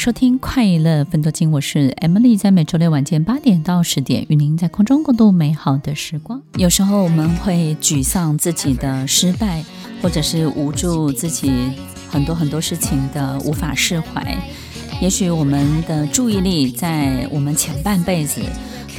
收聽快樂芬多精，我是 Emily，在每週六晚間八點到十點，與您在空中共度美好的時光。有時候我們會沮喪自己的失敗，或者是無助自己很多很多事情的無法釋懷。也許我們的注意力在我們前半輩子。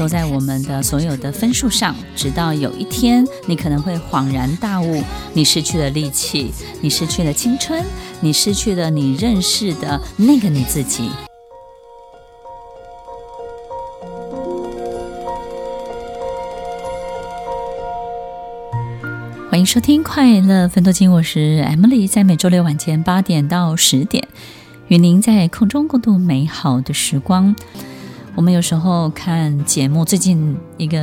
都在我們的所有的分數上，直到有一天，你可能會恍然大悟：你失去了力氣，你失去了青春，你失去了你認識的那個你自己。歡迎收聽《快樂芬多精》，我是 Emily，在每周六晚間八點到十點，與您在空中共度美好的時光。我們有時候看節目，最近一個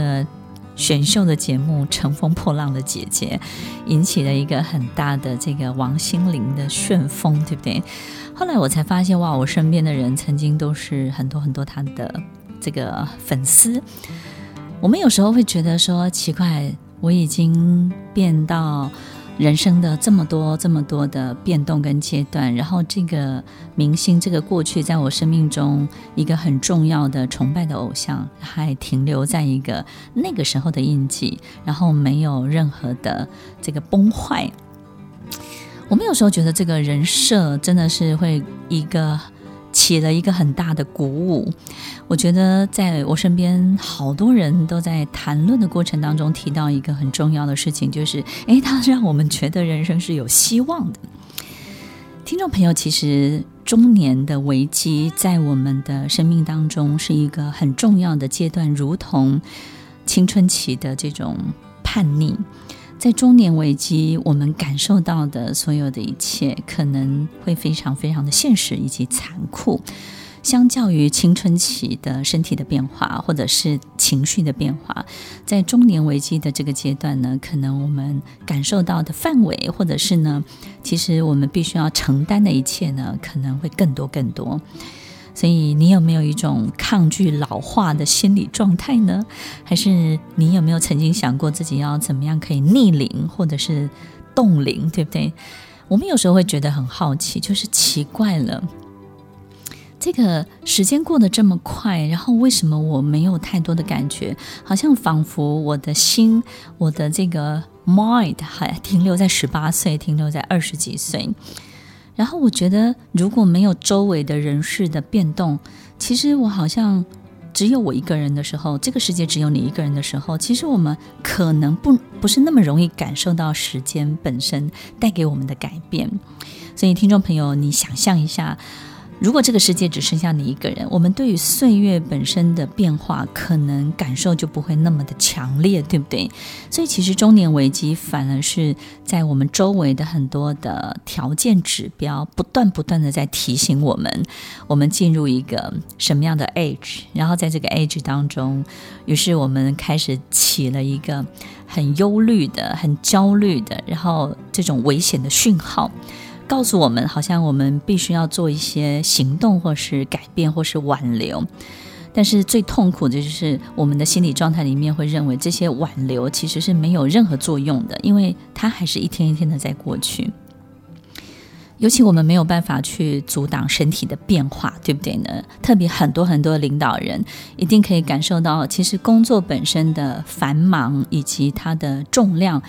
選秀的節目《乘風破浪的姐姐》，引起了一個很大的這個王心凌的旋風，對不對？後來我才發現，哇，我身邊的人曾經都是很多很多她的這個粉絲。我們有時候會覺得說奇怪，我已經變到。人生的這麼多、這麼多的變動跟階段，然後這個明星，這個過去在我生命中一個很重要的崇拜的偶像，還停留在一個那個時候的印記，然後沒有任何的這個崩壞。我們有時候覺得這個人設真的是會一個。起了一個很大的鼓舞，我覺得在我身邊好多人都在談論的過程當中提到一個很重要的事情，就是誒，它讓我們覺得人生是有希望的。聽眾朋友，其實中年的危機在我們的生命當中是一個很重要的階段，如同青春期的這種叛逆。在中年危機，我們感受到的所有的一切，可能會非常非常的現實以及殘酷。相較於青春期的身體的變化或者是情緒的變化，在中年危機的這個階段呢，可能我們感受到的範圍，或者是呢，其實我們必須要承擔的一切呢，可能會更多更多。所以你有沒有一種抗拒老化的心理狀態呢？還是你有沒有曾經想過自己要怎麼樣可以逆齡或者是凍齡，對不對？我們有時候會覺得很好奇，就是奇怪了，這個時間過得這麼快，然後為什麼我沒有太多的感覺？好像仿佛我的心，我的這個 mind 還停留在十八歲，停留在二十幾歲。然後我覺得，如果沒有周圍的人事的變動，其實我好像只有我一個人的時候，這個世界只有你一個人的時候，其實我們可能不不是那麼容易感受到時間本身帶給我們的改變。所以，聽眾朋友，你想象一下。如果這個世界只剩下你一個人，我們對於歲月本身的變化可能感受就不會那麼的強烈，對不對？所以其實中年危機反而是在我們周圍的很多的條件指標不斷不斷地在提醒我們，我們進入一個什麼樣的 age，然後在這個 age 當中，於是我們開始起了一個很憂慮的、很焦慮的，然後這種危險的訊號。告訴我們，好像我們必須要做一些行動，或是改變，或是挽留。但是最痛苦的就是，我們的心理狀態裡面會認為這些挽留其實是沒有任何作用的，因為它還是一天一天的在過去。尤其我們沒有辦法去阻擋身體的變化，對不對呢？特別很多很多領導人一定可以感受到，其實工作本身的繁忙以及它的重量，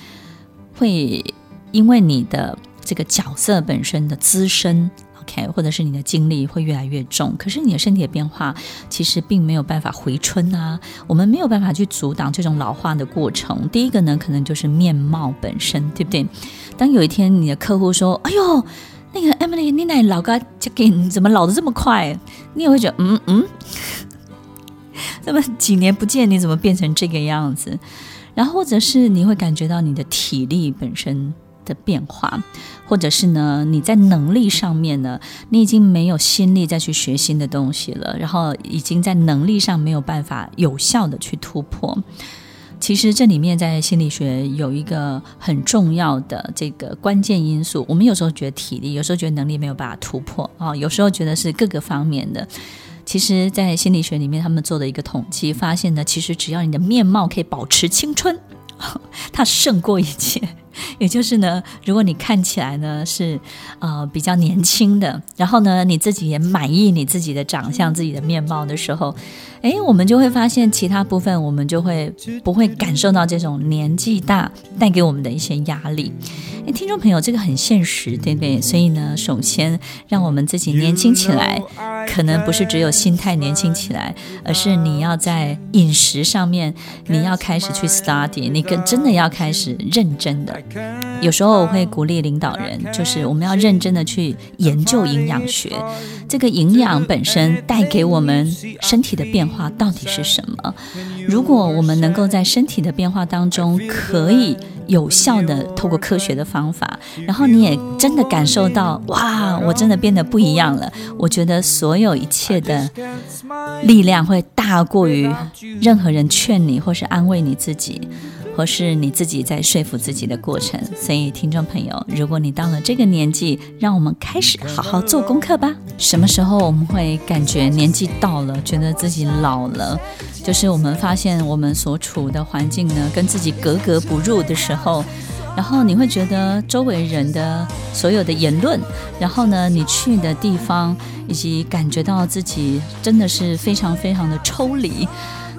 會因為你的，這個角色本身的滋生，OK，或者是你的精力會越來越重，可是你的身體的變化其實並沒有辦法回春啊。我們沒有辦法去阻擋這種老化的過程。第一個呢，可能就是面貌本身，對不對？當有一天你的客戶說：“哎呦，那個 Emily、你那老哥、這給你怎麼老得這麼快？”你也會覺得：“嗯嗯，怎麼幾年不見，你怎麼變成這個樣子？”然後或者是你會感覺到你的體力本身的變化，或者是呢，你在能力上面呢，你已經沒有心力再去學新的東西了，然後已經在能力上沒有辦法有效的去突破。其實這裡面在心理學有一個很重要的這個關鍵因素。我們有時候覺得體力，有時候覺得能力沒有辦法突破啊、哦，有時候覺得是各個方面的。其實，在心理學裡面，他們做的一個統計發現呢，其實只要你的面貌可以保持青春，它勝過一切。也就是呢，如果你看起來呢是，呃比較年輕的，然後呢你自己也滿意你自己的長相，自己的面貌的時候，誒，我們就會發現其他部分，我們就會不會感受到這種年紀大帶給我們的一些壓力。誒，聽眾朋友，這個很現實，對不對？所以呢，首先讓我們自己年輕起來，可能不是只有心態年輕起來，而是你要在飲食上面，你要開始去 study，你跟真的要開始認真的。有時候我會鼓勵領導人，就是我們要認真的去研究營養學，這個營養本身帶給我們身體的變化。話到底是什麼？如果我們能夠在身體的變化當中，可以有效地透過科學的方法，然後你也真的感受到，哇，我真的變得不一樣了。我覺得所有一切的力量會大過於任何人勸你或是安慰你自己。或是你自己在說服自己的過程，所以聽眾朋友，如果你到了這個年紀，讓我們開始好好做功課吧。什麼時候我們會感覺年紀到了，覺得自己老了？就是我們發現我們所處的環境呢，跟自己格格不入的時候，然後你會覺得周圍人的所有的言論，然後呢，你去的地方，以及感覺到自己真的是非常非常的抽離。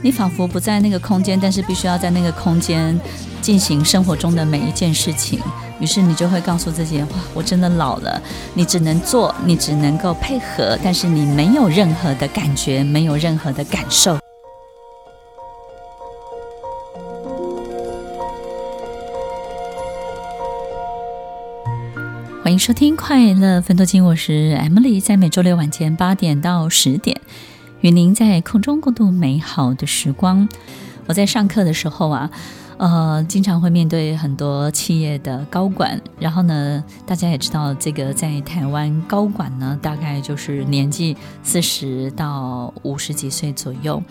你仿佛不在那個空間，但是必須要在那個空間進行生活中的每一件事情。於是你就會告訴自己：哇，我真的老了。你只能做，你只能夠配合，但是你沒有任何的感覺，沒有任何的感受。歡迎收聽《快樂芬多精》，我是 Emily，在每週六晚間八點到十點。與您在空中共度美好的時光。我在上課的時候啊，呃，經常會面對很多企業的高管。然後呢，大家也知道，這個在台灣高管呢，大概就是年紀四十到五十幾歲左右。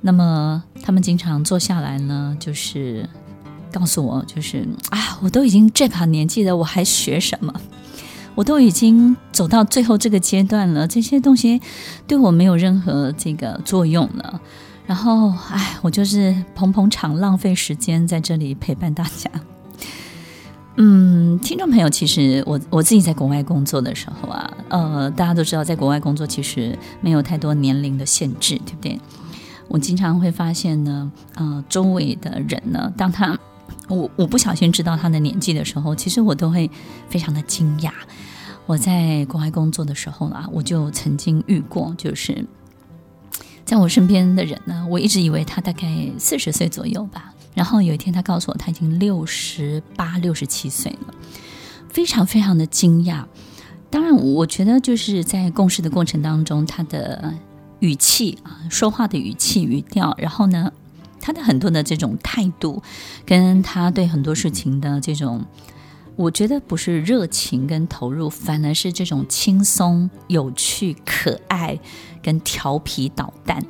那麼他們經常坐下來呢，就是告訴我，就是啊，我都已經這把年紀了，我還學什麼？我都已經走到最後這個階段了，這些東西對我沒有任何這個作用了。然後，哎，我就是捧捧場，浪費時間在這裡陪伴大家。嗯，聽眾朋友，其實我我自己在國外工作的時候啊，呃，大家都知道，在國外工作其實沒有太多年齡的限制，對不對？我經常會發現呢，呃，周圍的人呢，當他，我我不小心知道他的年紀的時候，其實我都會非常的驚訝。我在國外工作的時候啊，我就曾經遇過，就是在我身邊的人呢，我一直以為他大概四十歲左右吧。然後有一天他告訴我，他已經六十八、六十七歲了，非常非常的驚訝。當然，我覺得就是在共事的過程當中，他的語氣啊，說話的語氣、語調，然後呢，他的很多的這種態度，跟他對很多事情的這種。我覺得不是熱情跟投入，反而是這種輕鬆、有趣、可愛跟調皮搗蛋。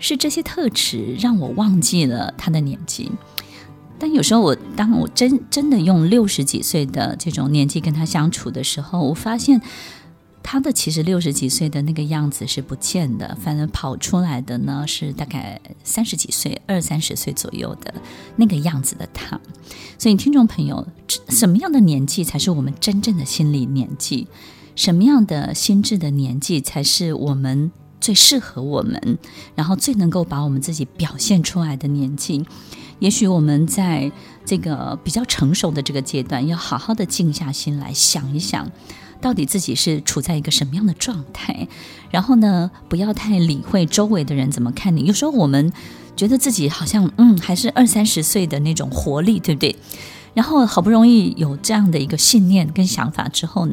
是這些特質讓我忘記了他的年紀。但有時候我，當我真真的用六十幾歲的這種年紀跟他相處的時候，我發現。他的其實六十幾歲的那個樣子是不見的，反正跑出來的呢是大概三十幾歲、二三十歲左右的那個樣子的他。所以，聽眾朋友，什麼樣的年紀才是我們真正的心理年紀？什麼樣的心智的年紀才是我們最適合我們，然後最能夠把我們自己表現出來的年紀？也許我們在這個比較成熟的這個階段，要好好的靜下心來想一想。到底自己是處在一個什麼樣的狀態？然後呢，不要太理會周圍的人怎麼看你。有時候我們覺得自己好像，嗯，還是二三十歲的那種活力，對不對？然後好不容易有這樣的一個信念跟想法之後呢，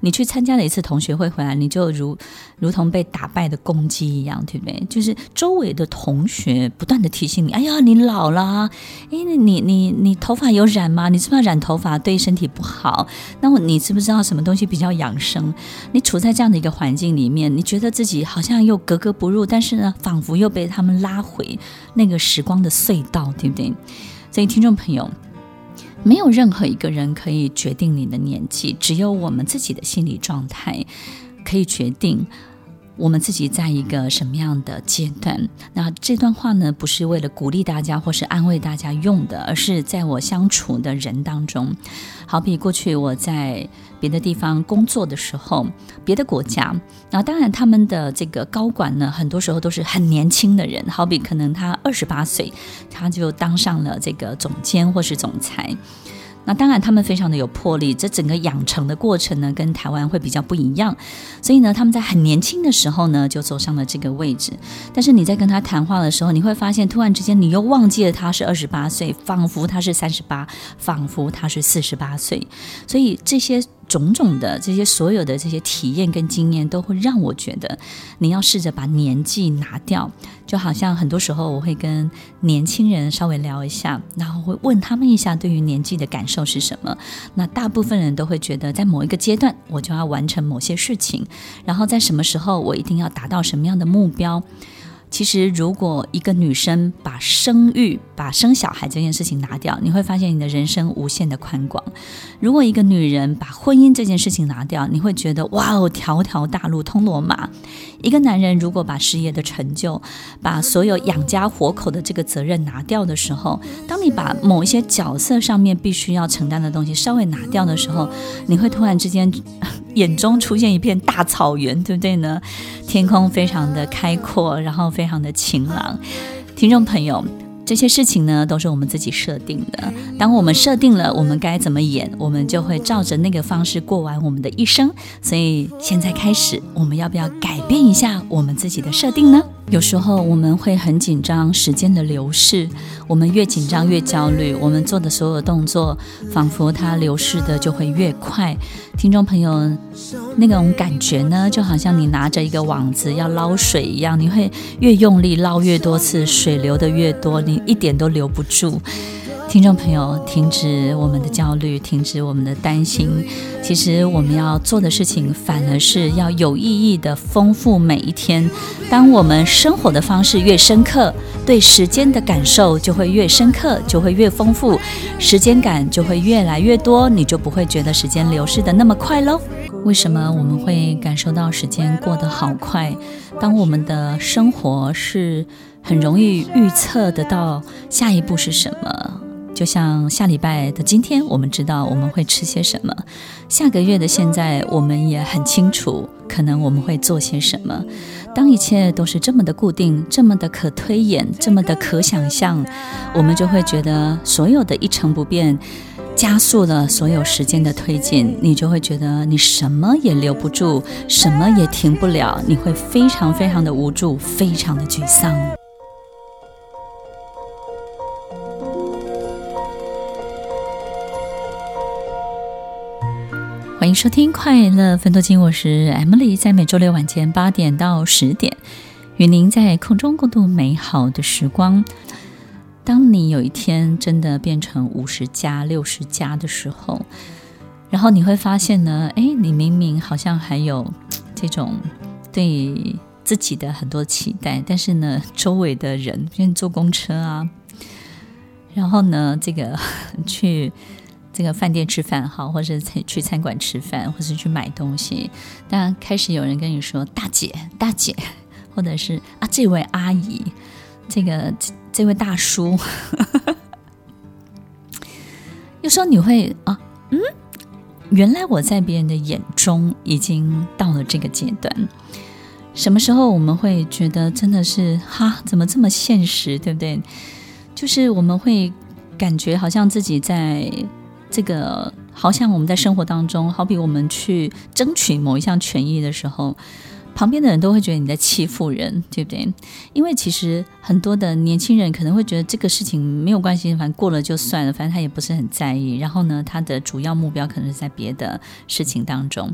你去參加了一次同學會回來，你就如如同被打敗的公雞一樣，對不對？就是周圍的同學不斷地提醒你：“哎呀，你老了！哎，你你你，你，你頭髮有染嗎？你知不知道染頭髮對身體不好？那麼你知不知道什麼東西比較養生？你處在這樣的一個環境裡面，你覺得自己好像又格格不入，但是呢，仿佛又被他們拉回那個時光的隧道，對不對？所以，聽眾朋友。沒有任何一個人可以決定你的年紀，只有我們自己的心理狀態可以決定我們自己在一個什麼樣的階段。那這段話呢，不是為了鼓勵大家或是安慰大家用的，而是在我相處的人當中，好比過去我在。別的地方工作的時候，別的國家，那當然他們的這個高管呢，很多時候都是很年輕的人。好比可能他二十八歲，他就當上了這個總監或是總裁。那當然他們非常的有魄力，這整個養成的過程呢，跟台灣會比較不一樣。所以呢，他們在很年輕的時候呢，就走上了這個位置。但是你在跟他談話的時候，你會發現突然之間你又忘記了他是二十八歲，仿佛他是三十八，仿佛他是四十八歲。所以這些。種種的這些所有的這些體驗跟經驗，都會讓我覺得，你要試着把年紀拿掉。就好像很多時候，我會跟年輕人稍微聊一下，然後會問他們一下對於年紀的感受是什麼。那大部分人都會覺得，在某一個階段，我就要完成某些事情，然後在什麼時候，我一定要達到什麼樣的目標。其實，如果一個女生把生育、把生小孩這件事情拿掉，你會發現你的人生無限的寬廣。如果一個女人把婚姻這件事情拿掉，你會覺得，哇哦，條條大路通羅馬。一個男人如果把事業的成就，把所有養家活口的這個責任拿掉的時候，當你把某一些角色上面必須要承擔的東西稍微拿掉的時候，你會突然之間，眼中出現一片大草原，對不對呢？天空非常的開闊，然後非常的晴朗，聽眾朋友。這些事情呢，都是我們自己設定的。當我們設定了我們該怎麼演，我們就會照着那個方式過完我們的一生。所以現在開始，我們要不要改變一下我們自己的設定呢？有時候我們會很緊張，時間的流逝，我們越緊張越焦慮，我們做的所有動作，仿佛它流逝的就會越快。聽眾朋友，那種感覺呢，就好像你拿着一個網子要撈水一樣，你會越用力撈越多次，水流得越多，你一點都留不住。聽眾朋友，停止我們的焦慮，停止我們的擔心。其實我們要做的事情，反而是要有意義的豐富每一天。當我們生活的方式越深刻，對時間的感受就會越深刻，就會越豐富，時間感就會越來越多，你就不會覺得時間流逝得那麼快嘍。為什麼我們會感受到時間過得好快？當我們的生活是很容易預測得到下一步是什麼？就像下禮拜的今天，我們知道我們會吃些什麼；下個月的現在，我們也很清楚，可能我們會做些什麼。當一切都是這麼的固定、這麼的可推演、這麼的可想象，我們就會覺得所有的一成不變，加速了所有時間的推進。你就會覺得你什麼也留不住，什麼也停不了，你會非常非常的無助，非常的沮喪。收聽快樂芬多精，我是 Emily，在每週六晚間八點到十點，與您在空中共度美好的時光。當你有一天真的變成五十加、六十加的時候，然後你會發現呢，哎，你明明好像還有這種對自己的很多期待，但是呢，周圍的人，比如你坐公車啊，然後呢，這個去。這個飯店吃飯好，或者去餐館吃飯，或者去買東西，當然開始有人跟你說“大姐，大姐”，或者是“啊，這位阿姨，這個這，這位大叔”， 有時候你會啊，嗯，原來我在別人的眼中已經到了這個階段。什麼時候我們會覺得真的是哈，怎麼這麼現實，對不對？就是我們會感覺好像自己在。這個好像我們在生活當中，好比我們去爭取某一項權益的時候，旁邊的人都會覺得你在欺負人，對不對？因為其實很多的年輕人可能會覺得這個事情沒有關係，反正過了就算了，反正他也不是很在意。然後呢，他的主要目標可能是在別的事情當中。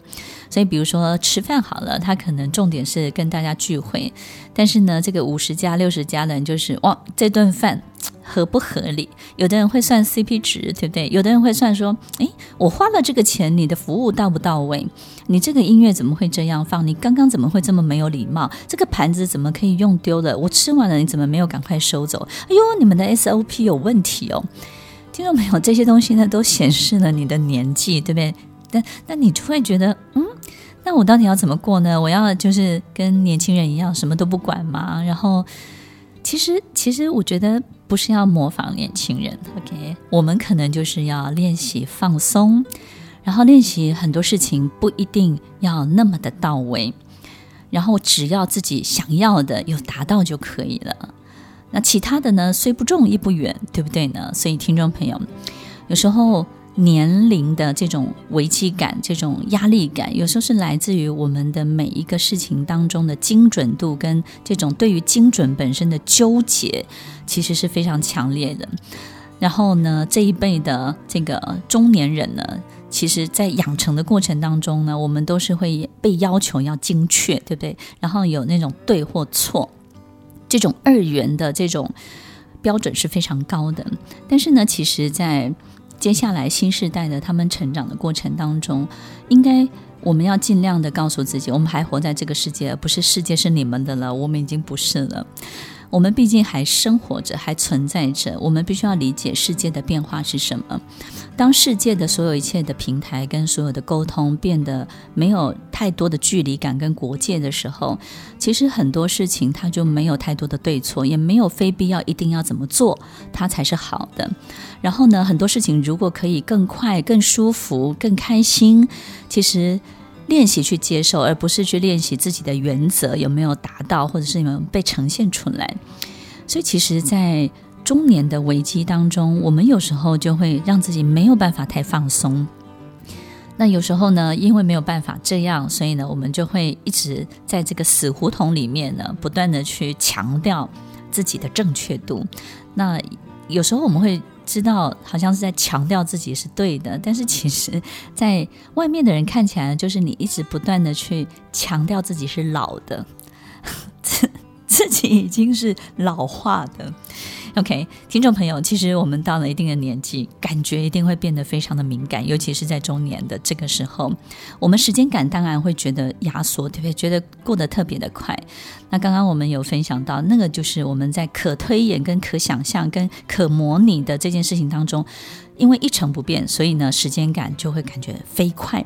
所以比如說吃飯好了，他可能重點是跟大家聚會，但是呢，這個五十加六十加的人就是哇，這頓飯。合不合理？有的人會算 CP 值，對不對？有的人會算說：哎，我花了這個錢，你的服務到不到位？你這個音樂怎麼會這樣放？你剛剛怎麼會這麼沒有禮貌？這個盤子怎麼可以用丟的？我吃完了，你怎麼沒有趕快收走？哎呦，你們的 SOP 有問題哦！聽到沒有，這些東西呢，都顯示了你的年紀，對不對？但那你就會覺得，嗯，那我到底要怎麼過呢？我要就是跟年輕人一樣，什麼都不管嘛，然後。其實，其實我覺得不是要模仿年輕人，OK？我們可能就是要練習放鬆，然後練習很多事情不一定要那麼的到位，然後只要自己想要的有達到就可以了。那其他的呢，雖不中亦不遠，對不對呢？所以聽眾朋友，有時候。年齡的這種危機感、這種壓力感，有時候是來自於我們的每一個事情當中的精準度跟這種對於精準本身的糾結，其實是非常強烈的。然後呢，這一輩的這個中年人呢，其實在養成的過程當中呢，我們都是會被要求要精確，對不對？然後有那種對或錯這種二元的這種標準是非常高的。但是呢，其實在接下來新世代的他們成長的過程當中，應該我們要盡量的告訴自己，我們還活在這個世界，不是世界是你們的了，我們已經不是了。我們畢竟還生活着，還存在着，我們必須要理解世界的變化是什麼。當世界的所有一切的平台跟所有的溝通變得沒有太多的距離感跟國界的時候，其實很多事情它就沒有太多的對錯，也沒有非必要一定要怎麼做它才是好的。然後呢，很多事情如果可以更快、更舒服、更開心，其實。練習去接受，而不是去練習自己的原則有沒有達到，或者是有沒有被呈現出來。所以，其實，在中年的危機當中，我們有時候就會讓自己沒有辦法太放鬆。那有時候呢，因為沒有辦法這樣，所以呢，我們就會一直在這個死胡同裡面呢，不斷的去強調自己的正確度。那有時候我們會。知道好像是在強調自己是對的，但是其實，在外面的人看起來，就是你一直不斷的去強調自己是老的，自 自己已經是老化的。OK，聽眾朋友，其實我們到了一定的年紀，感覺一定會變得非常的敏感，尤其是在中年的這個時候，我們時間感當然會覺得壓縮，對不對？覺得過得特別的快。那剛剛我們有分享到，那個就是我們在可推演、跟可想象、跟可模擬的這件事情當中，因為一成不變，所以呢，時間感就會感覺飛快。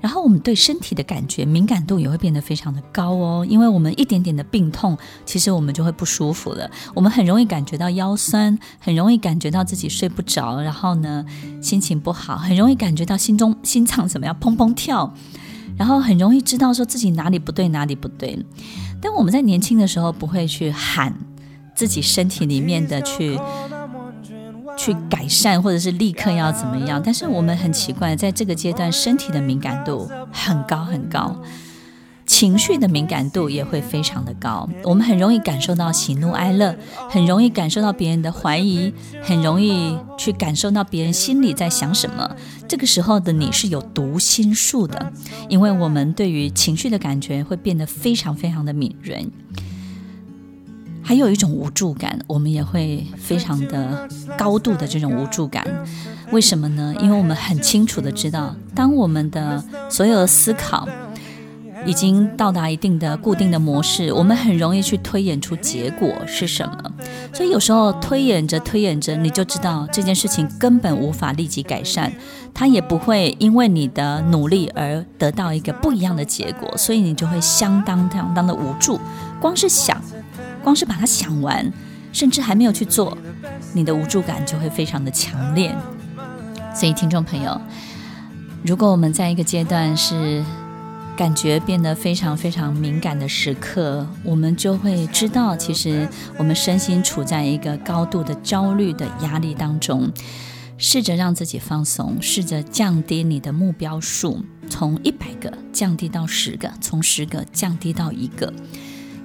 然後我們對身體的感覺敏感度也會變得非常的高哦，因為我們一點點的病痛，其實我們就會不舒服了。我們很容易感覺到腰酸，很容易感覺到自己睡不着，然後呢，心情不好，很容易感覺到心中心臟怎麼樣砰砰跳，然後很容易知道說自己哪裡不對，哪裡不對。但我們在年輕的時候不會去喊自己身體裡面的去。去改善，或者是立刻要怎麼樣？但是我們很奇怪，在這個階段，身體的敏感度很高很高，情緒的敏感度也會非常的高。我們很容易感受到喜怒哀樂，很容易感受到別人的懷疑，很容易去感受到別人心裡在想什麼。這個時候的你是有讀心術的，因為我們對於情緒的感覺會變得非常非常的敏銳。還有一種無助感，我們也會非常的高度的這種無助感。為什麼呢？因為我們很清楚的知道，當我們的所有的思考已經到達一定的固定的模式，我們很容易去推演出結果是什麼。所以有時候推演着推演着，你就知道這件事情根本無法立即改善，它也不會因為你的努力而得到一個不一樣的結果。所以你就會相當相當的無助，光是想。光是把它想完，甚至還沒有去做，你的無助感就會非常的強烈。所以，聽眾朋友，如果我們在一個階段是感覺變得非常非常敏感的時刻，我們就會知道，其實我們身心處在一個高度的焦慮的壓力當中。試着讓自己放鬆，試着降低你的目標數，從一百個降低到十個，從十個降低到一個。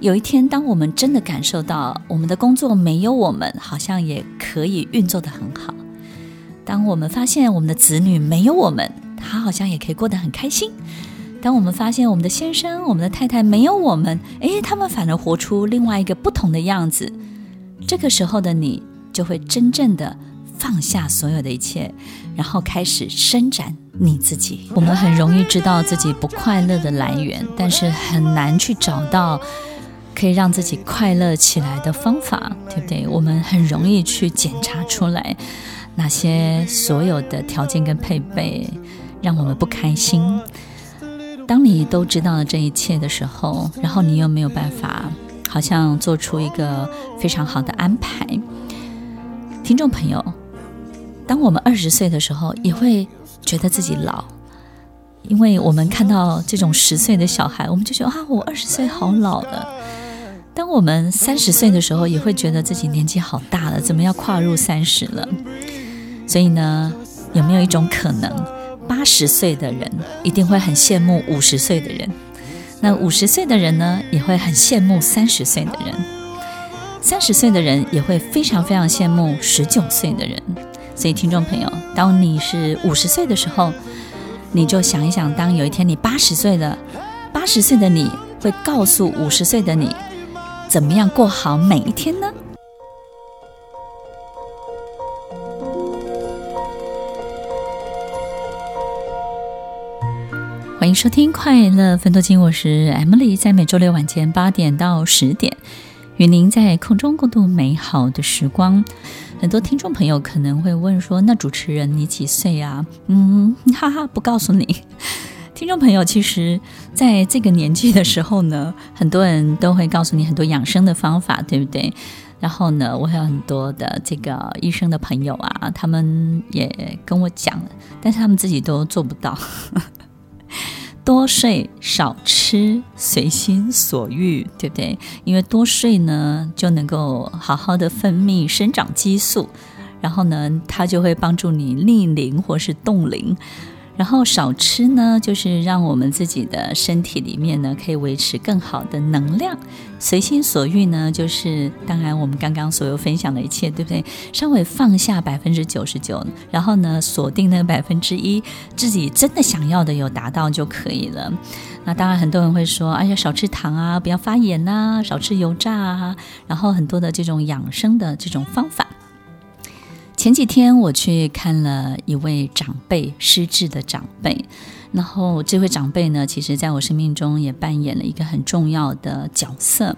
有一天，當我們真的感受到我們的工作沒有我們，好像也可以運作得很好；當我們發現我們的子女沒有我們，他好像也可以過得很開心；當我們發現我們的先生、我們的太太沒有我們，誒，他們反而活出另外一個不同的樣子。這個時候的你，就會真正的放下所有的一切，然後開始伸展你自己。我們很容易知道自己不快樂的來源，但是很難去找到。可以讓自己快樂起來的方法，對不對？我們很容易去檢查出來哪些所有的條件跟配備讓我們不開心。當你都知道了這一切的時候，然後你又沒有辦法，好像做出一個非常好的安排。聽眾朋友，當我們二十歲的時候，也會覺得自己老，因為我們看到這種十歲的小孩，我們就覺得啊，我二十歲好老的。當我們三十歲的時候，也會覺得自己年紀好大了，怎麼要跨入三十了？所以呢，有沒有一種可能，八十歲的人一定會很羨慕五十歲的人？那五十歲的人呢，也會很羨慕三十歲的人？三十歲的人也會非常非常羨慕十九歲的人？所以，聽眾朋友，當你是五十歲的時候，你就想一想，當有一天你八十歲了，八十歲的你會告訴五十歲的你。怎麼樣過好每一天呢？歡迎收聽《快樂芬多精》，我是 Emily，在每週六晚間八點到十點，與您在空中共度美好的時光。很多聽眾朋友可能會問說：“那主持人你幾歲啊？”嗯，哈哈，不告訴你。聽眾朋友，其實在這個年紀的時候呢，很多人都會告訴你很多養生的方法，對不對？然後呢，我還有很多的這個醫生的朋友啊，他們也跟我講，但是他們自己都做不到。 多睡、少吃、隨心所欲，對不對？因為多睡呢，就能夠好好的分泌生長激素，然後呢，它就會幫助你逆齡或是凍齡。然後少吃呢，就是讓我們自己的身體裡面呢，可以維持更好的能量。隨心所欲呢，就是當然我們剛剛所有分享的一切，對不對？稍微放下百分之九十九，然後呢，鎖定那百分之一自己真的想要的，有達到就可以了。那當然很多人會說，哎呀，少吃糖啊，不要發炎吶、啊，少吃油炸啊，然後很多的這種養生的這種方法。前幾天我去看了一位長輩，失智的長輩。然後這位長輩呢，其實在我生命中也扮演了一個很重要的角色。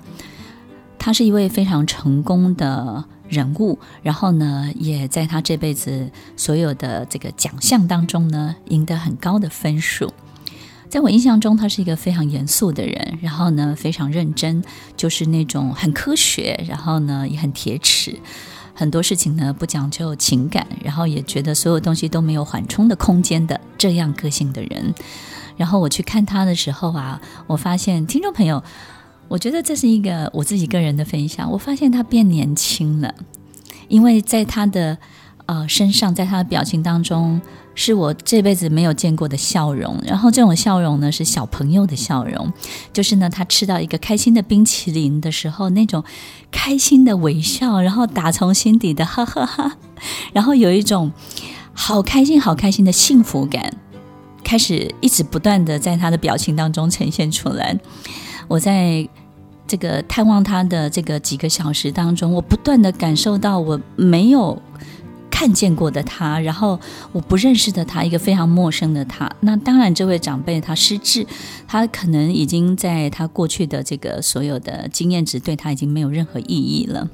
他是一位非常成功的人物，然後呢，也在他這輩子所有的這個獎項當中呢，贏得很高的分數。在我印象中，他是一個非常嚴肅的人，然後呢，非常認真，就是那種很科學，然後呢，也很鐵齒。很多事情呢不講究情感，然後也覺得所有東西都沒有緩衝的空間的這樣個性的人，然後我去看他的時候啊，我發現聽眾朋友，我覺得這是一個我自己個人的分享，我發現他變年輕了，因為在他的呃身上，在他的表情當中。是我這輩子沒有見過的笑容，然後這種笑容呢，是小朋友的笑容，就是呢，他吃到一個開心的冰淇淋的時候，那種開心的微笑，然後打從心底的哈哈哈，然後有一種好開心、好開心的幸福感，開始一直不斷的在他的表情當中呈現出來。我在這個探望他的這個幾個小時當中，我不斷的感受到我沒有。看見過的他，然後我不認識的他，一個非常陌生的他。那當然，這位長輩他失智，他可能已經在他過去的這個所有的經驗值對他已經沒有任何意義了。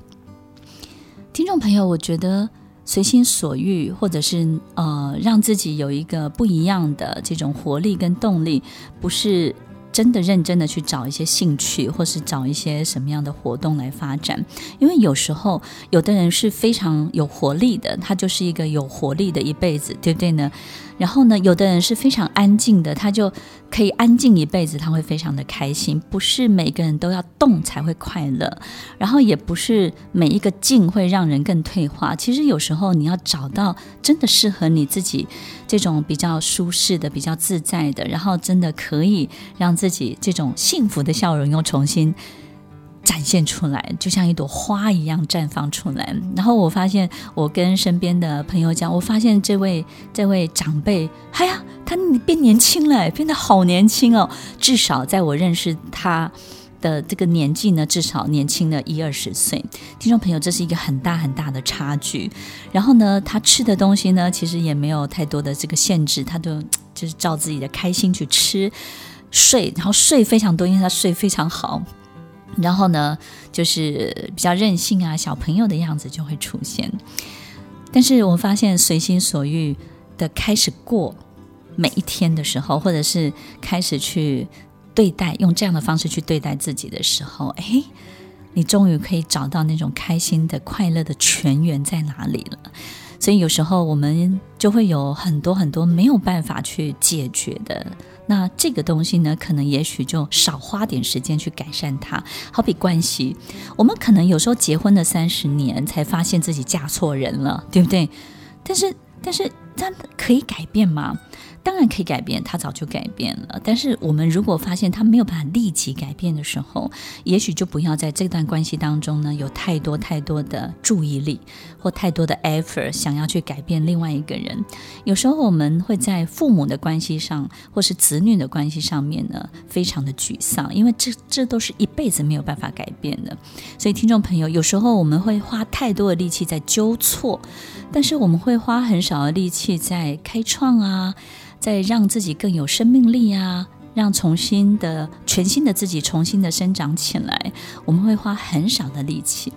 聽眾朋友，我覺得隨心所欲，或者是呃，讓自己有一個不一樣的這種活力跟動力，不是。真的認真的去找一些興趣，或是找一些什麼樣的活動來發展，因為有時候有的人是非常有活力的，他就是一個有活力的一輩子，對不對呢？然後呢，有的人是非常安靜的，他就可以安靜一輩子，他會非常的開心。不是每個人都要動才會快樂，然後也不是每一個靜會讓人更退化。其實有時候你要找到真的適合你自己這種比較舒適的、比較自在的，然後真的可以讓自己這種幸福的笑容又重新。展現出來，就像一朵花一樣綻放出來。然後我發現，我跟身邊的朋友講，我發現這位這位長輩，哎呀，他變年輕了，變得好年輕哦！至少在我認識他的這個年紀呢，至少年輕了一二十歲。聽眾朋友，這是一個很大很大的差距。然後呢，他吃的東西呢，其實也沒有太多的這個限制，他都就，就是照自己的開心去吃睡，然後睡非常多，因為他睡非常好。然後呢，就是比較任性啊，小朋友的樣子就會出現。但是我發現，隨心所欲的開始過每一天的時候，或者是開始去對待，用這樣的方式去對待自己的時候，誒、哎，你終於可以找到那種開心的、快樂的泉源在哪裡了。所以有時候我們就會有很多很多沒有辦法去解決的。那這個東西呢，可能也許就少花點時間去改善它。好比關係，我們可能有時候結婚了三十年，才發現自己嫁錯人了，對不對？但是，但是，它可以改變嗎？當然可以改變，他早就改變了。但是我們如果發現他沒有辦法立即改變的時候，也許就不要在這段關係當中呢，有太多太多的注意力或太多的 effort，想要去改變另外一個人。有時候我們會在父母的關係上，或是子女的關係上面呢，非常的沮喪，因為這這都是一輩子沒有辦法改變的。所以聽眾朋友，有時候我們會花太多的力氣在糾錯。但是我們會花很少的力氣在開創啊，在讓自己更有生命力啊，讓重新的全新的自己重新的生長起來，我們會花很少的力氣。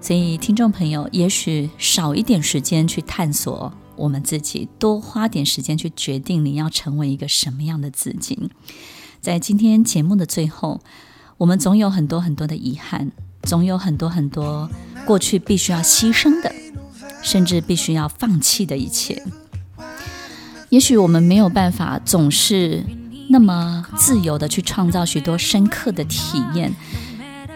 所以聽眾朋友，也許少一點時間去探索我們自己，多花點時間去決定你要成為一個什麼樣的自己。在今天節目的最後，我們總有很多很多的遺憾，總有很多很多過去必須要犧牲的，甚至必須要放棄的一切，也許我們沒有辦法總是那麼自由的去創造許多深刻的體驗、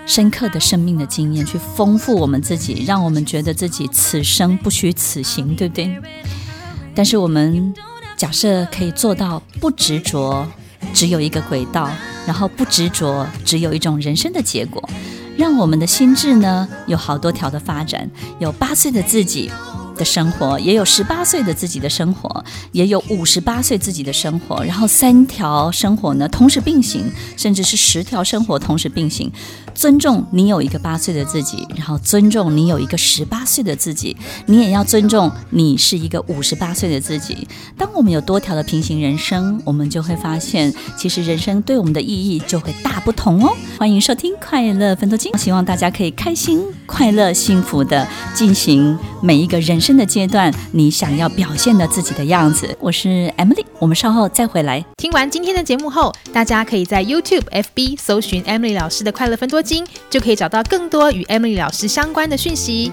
深刻的生命的經驗，去豐富我們自己，讓我們覺得自己此生不虛此行，對不對？但是我們假設可以做到不執着，只有一個軌道，然後不執着，只有一種人生的結果。讓我們的心智呢，有好多條的發展，有八歲的自己，的生活也有十八歲的自己的生活，也有五十八歲自己的生活，然後三條生活呢，同時並行，甚至是十條生活同時並行。尊重你有一個八歲的自己，然後尊重你有一個十八歲的自己，你也要尊重你是一個五十八歲的自己。當我們有多條的平行人生，我們就會發現，其實人生對我們的意義就會大不同哦。歡迎收聽快樂芬多精，希望大家可以開心、快樂、幸福地進行每一個人。生的階段，你想要表現的自己的樣子。我是 Emily，我們稍後再回來。聽完今天的節目後，大家可以在 YouTube、FB 搜尋 Emily 老師的快樂芬多精，就可以找到更多與 Emily 老師相關的訊息。